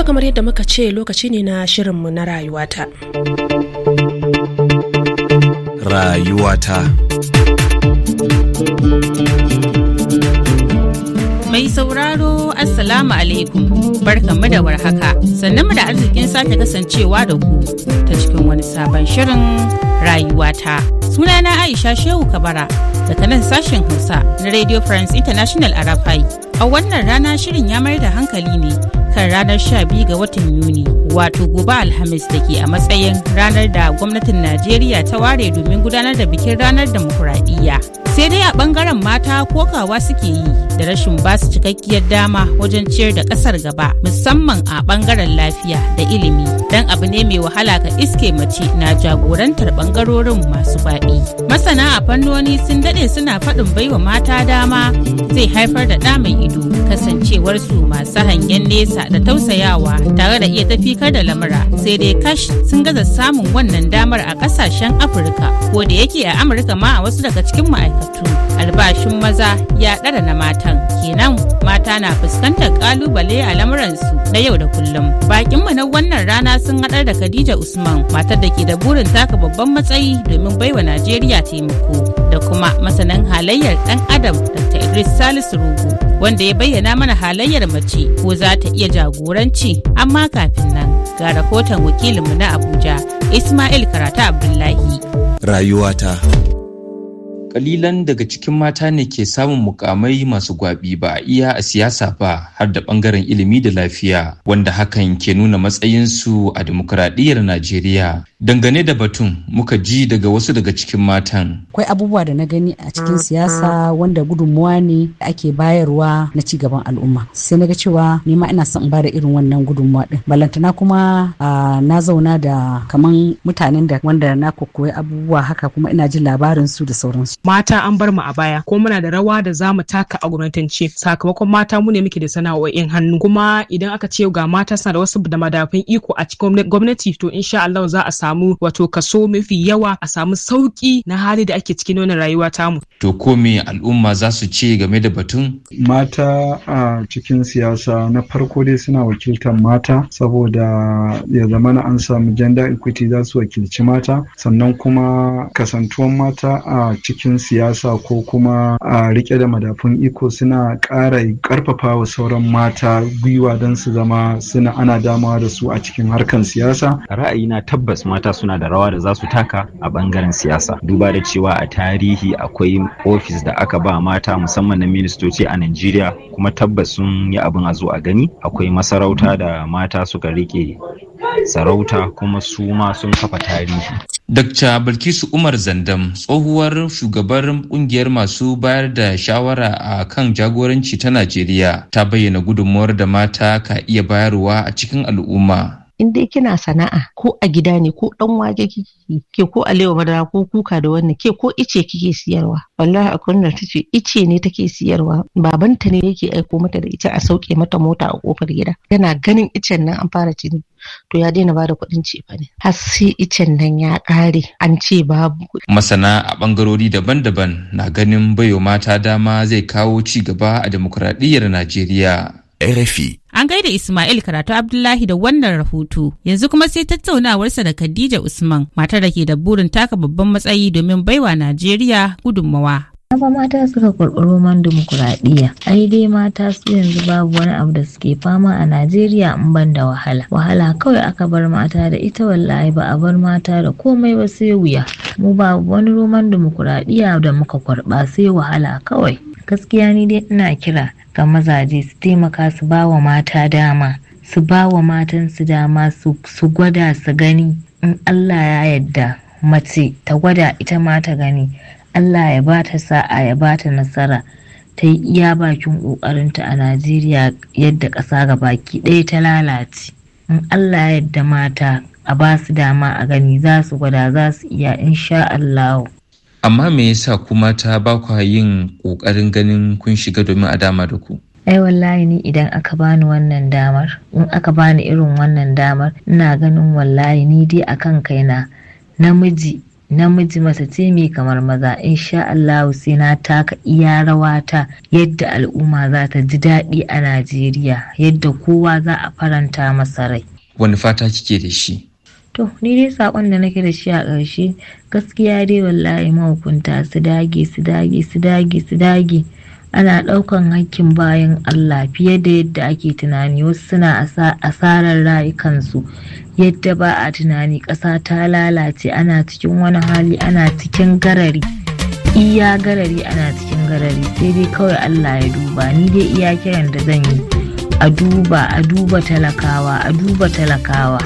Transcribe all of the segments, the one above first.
to kamar yadda muka ce lokaci ne na shirinmu na rayuwata rayuwata Mai sauraro Assalamu alaikum barkanmu da warhaka sannan mu da arzikin sake kasancewa da ku ta cikin wani sabon shirin rayuwata. Sunana Aisha Shehu Kabara daga nan sashen Hausa na Radio France International a Rafai. A wannan rana shirin ya mayar da hankali ne kan ranar 12 ga watan Yuni wato gobe Alhamis da ke a matsayin ranar da gwamnatin Najeriya ta ware domin gudanar da bikin ranar demokuraɗiyya. Sai dai a ɓangaren mata kokawa suke yi da rashin basu cikakkiyar dama wajen ciyar da kasar gaba musamman a bangaren lafiya da ilimi dan abu ne mai wahala ka iske mace na jagorantar bangarorin masu baɗi. masana a fannoni sun daɗe suna faɗin baiwa mata dama zai haifar da ɗa mai ido kasancewar su masu hangen nesa da tausayawa tare da iya tafikar da lamura sai dai kash sun gaza samun wannan damar a ƙasashen afirka ko da yake a amurka ma a wasu daga cikin ma'aikatu albashin maza ya ɗara na mata hakan kenan mata na fuskantar kalubale a lamuransu na yau da kullum bakinmu na wannan rana sun haɗar da khadija usman matar da ke da burin taka babban matsayi domin baiwa najeriya taimako da kuma masanan halayyar ɗan adam dr idris salisu rugu wanda ya bayyana mana halayyar mace ko za ta iya jagoranci amma kafin nan ga rahoton wakilinmu na abuja ismail karata abdullahi rayuwata Kalilan daga cikin mata ne ke samun mukamai masu gwabi ba a iya a siyasa ba har da bangaren ilimi da lafiya wanda hakan ke nuna matsayinsu a demokuraɗiyyar Najeriya. Dangane da batun muka ji daga wasu daga cikin matan. Akwai abubuwa da na gani a cikin siyasa wanda gudunmuwa ne da ake bayarwa na ci gaban al'umma. Sai na ga cewa ni ma ina son in bada irin wannan gudunmuwa din. Balantana kuma na zauna da kaman mutanen da wanda na kokoyi abubuwa haka kuma ina jin labarin su da sauransu. mata an bar mu a baya ko muna da rawa da za mu taka a gwamnatance sakamakon mata mu ne muke da sana'o'in hannu kuma idan aka ce ga mata suna da wasu da madafin iko a cikin gwamnati to insha Allah za a samu wato kaso mafi yawa a samu sauki na hali da ake cikin wannan rayuwa tamu to ko me al'umma za su ce game da batun mata a cikin siyasa na farko dai suna wakiltar mata saboda ya zamana an samu gender equity za su wakilci mata sannan kuma kasantuwan mata a cikin cikin siyasa ko kuma a rike da madafun iko suna ƙara ƙarfafa wa sauran mata gwiwa don su zama suna ana damawa da su a cikin harkan siyasa ra'ayina tabbas mata suna da rawa da za su taka a ɓangaren siyasa duba da cewa a tarihi akwai ofis da aka ba mata musamman na ministoci a Najeriya kuma tabbas sun yi abin a zo a gani akwai masarauta da mata suka rike sarauta kuma su ma sun kafa tarihi. Dr. Bilkisu Umar Zandam tsohuwar shugabar kungiyar masu bayar da shawara a kan jagoranci ta Najeriya ta bayyana gudunmuwar da mata ka iya bayarwa a cikin al'umma in dai kina sana'a ko a gida ne ko dan wage kike ko a lewa madara ko kuka da wannan ke ko ice kike siyarwa wallahi akwai wanda tace ice ne take siyarwa babanta ne yake aiko mata da ita a sauke mata mota a kofar gida yana ganin icen nan an fara cini to ya daina bada kuɗin cefa ne har sai icen nan ya ƙare an ce babu masana a ɓangarori daban-daban na ganin baiwa mata dama zai kawo ci gaba a demokuraɗiyyar najeriya RFI. An gaida Ismail Karatu Abdullahi da wannan rahoto. Yanzu kuma sai tattaunawarsa da Khadija Usman, matar da ke da burin taka babban matsayi domin baiwa Najeriya gudunmawa. Haka mata suka karɓi man dimokuraɗiyya. Ai dai mata su yanzu babu wani abu da suke fama a Najeriya in ban da wahala. Wahala kawai aka bar mata da ita wallahi ba a bar mata da komai ba sai wuya. Mu babu wani roman dimokuraɗiyya da muka kurɓa sai wahala kawai. gaskiya ni dai ina kira ga mazaje su taimaka su ba wa mata dama su ba wa su dama su gwada su gani in allah ya yadda mace ta gwada ita ma ta gani allah ya ba ta sa'a ya ba ta nasara ta yi iya bakin ƙoƙarinta a najeriya yadda ƙasa ga baki ɗaya ta lalace in allah ya yadda mata a ba su dama a gani za su gwada za su iya insha allahu amma me yasa kuma ta ba ku yin ƙoƙarin ganin kun shiga domin a dama da ku ai wallahi ni idan aka bani wannan damar in aka bani irin wannan damar ina ganin wallahi ni dai akan kaina namiji namiji masa ce mai kamar maza insha Allah sai na taka iya ta yadda al'umma za ta ji daɗi a Najeriya yadda kowa za a faranta masa rai. Wani fata kike da shi? to ni dai sakon da nake da shi a ƙarshe gaskiya dai wallahi mahukunta su dage su dage su dage su dage ana ɗaukan hakkin bayan Allah fiye da yadda ake tunani wasu suna asarar rayukansu yadda ba a tunani ƙasa ta lalace ana cikin wani hali ana cikin garari iya garari ana cikin garari sai dai kawai Allah ya duba ni dai iya kiran da zan yi a duba a duba talakawa a duba talakawa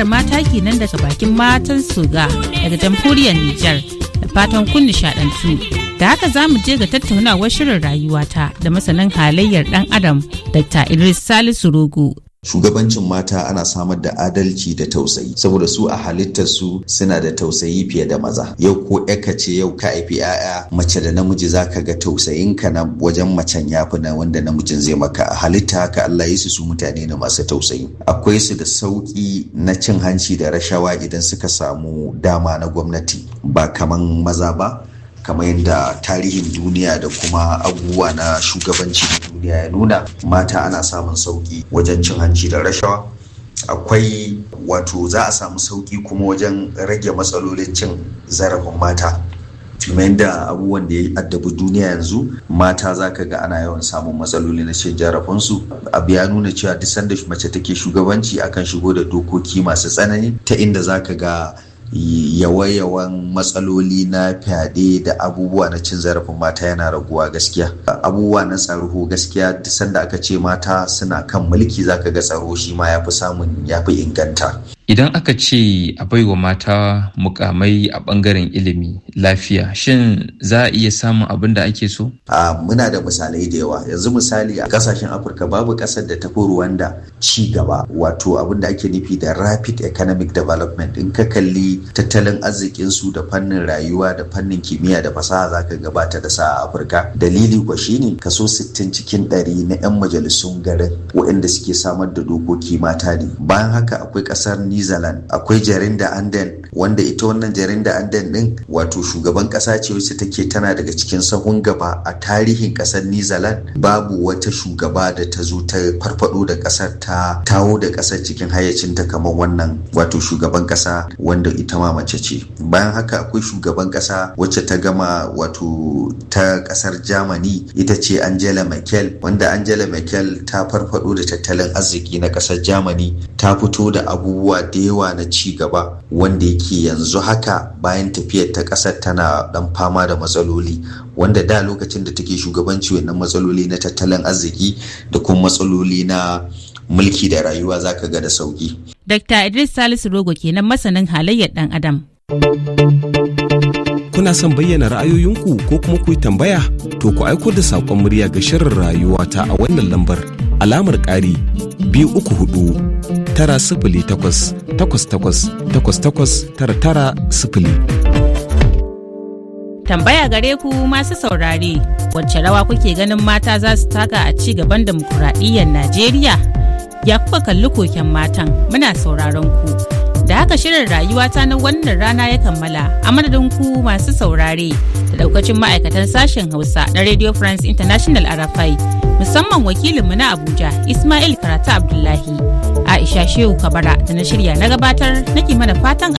tawagar mata kenan daga bakin matan suga daga jamhuriyar Nijar da fatan kun nishadantu. Da haka za mu je ga tattaunawar shirin rayuwata da masanin halayyar ɗan Adam Dr. Idris Salisu Rogo shugabancin mata ana samar da adalci da tausayi saboda su a halittar su suna da tausayi fiye da maza yau ko ka ce yau ka haifi yaya mace da namiji za ka ga tausayin ka na wajen macen yafi na wanda namijin zai maka a halitta haka Allah ya su mutane ne masu tausayi akwai su da sauki na cin hanci da rashawa idan suka samu dama na gwamnati ba kaman maza ba kamar yadda tarihin duniya da kuma abubuwa na shugabanci duniya ya nuna mata ana samun sauki wajen cin hanci da rashawa akwai wato za a samu sauki kuma wajen rage matsalolin cin zarafin mata tumayin da abubuwan da ya addabi duniya yanzu mata za ka ga ana yawan samun matsaloli na cin jarafinsu abu ya nuna cewa duk sanda mace take shugabanci akan shigo da dokoki masu tsanani ta inda za ka ga yawayawan matsaloli na fyaɗe da abubuwa na cin zarafin mata yana raguwa gaskiya abubuwa na tsaro gaskiya sanda aka ce mata suna kan mulki zaka ga tsaro shi ma ya fi samun ya fi inganta Idan aka ce a baiwa mata mukamai a bangaren ilimi lafiya shin za a iya samun abin da ake so? A muna da misalai da yawa yanzu misali a kasashen Afirka babu kasar da tafi ruwanda ci gaba wato abin da ake nufi da rapid economic development in ka kalli tattalin arzikinsu da fannin rayuwa da fannin kimiyya da fasaha za ka gabata da sa a Afirka dalili kuwa shine kaso 60 cikin 100 na 'yan majalisun garin waɗanda suke samar da dokoki mata ne bayan haka akwai kasar ni new akwai jarinda anden wanda ita wannan jarinda anden din wato shugaban kasa ce wacce take tana daga cikin sahun gaba a tarihin kasar new zealand babu wata shugaba da ta zo ta farfado da kasar ta tawo da kasar cikin hayyacinta kamar wannan wato shugaban kasa wanda ita ma mace ce bayan haka akwai shugaban kasa wacce ta gama wato ta kasar germany ita ce angela merkel wanda angela merkel ta farfado da tattalin arziki na kasar germany ta fito da abubuwa da yawa na ci gaba wanda yake yanzu haka bayan tafiyar ta ƙasar tana dan fama da matsaloli wanda da lokacin da take shugabanci wannan matsaloli na tattalin arziki da kuma matsaloli na mulki da rayuwa za ka ga da sauki. Dr. Idris Salisu Rogo kenan masanin halayyar ɗan Adam. Kuna son bayyana ra'ayoyinku ko kuma ku tambaya? To ku aiko da saƙon murya ga shirin rayuwa ta a wannan lambar alamar ƙari biyu uku hudu tara sifili takwas takwas takwas takwas takwas tara tara sifili. Tambaya gare ku masu saurare, wacce rawa kuke ganin mata za su taka a ci gaban demokuraɗiyyar Najeriya? Ya kuka kalli koken matan muna sauraron ku. Da haka shirin rayuwata na wannan rana ya kammala a madadin ku masu saurare da daukacin ma'aikatan sashen Hausa na Radio France International Arafai musamman wakilinmu na Abuja Ismail Karata Abdullahi. Aisha Shehu Kabara da na shirya na gabatar na ke mana fatan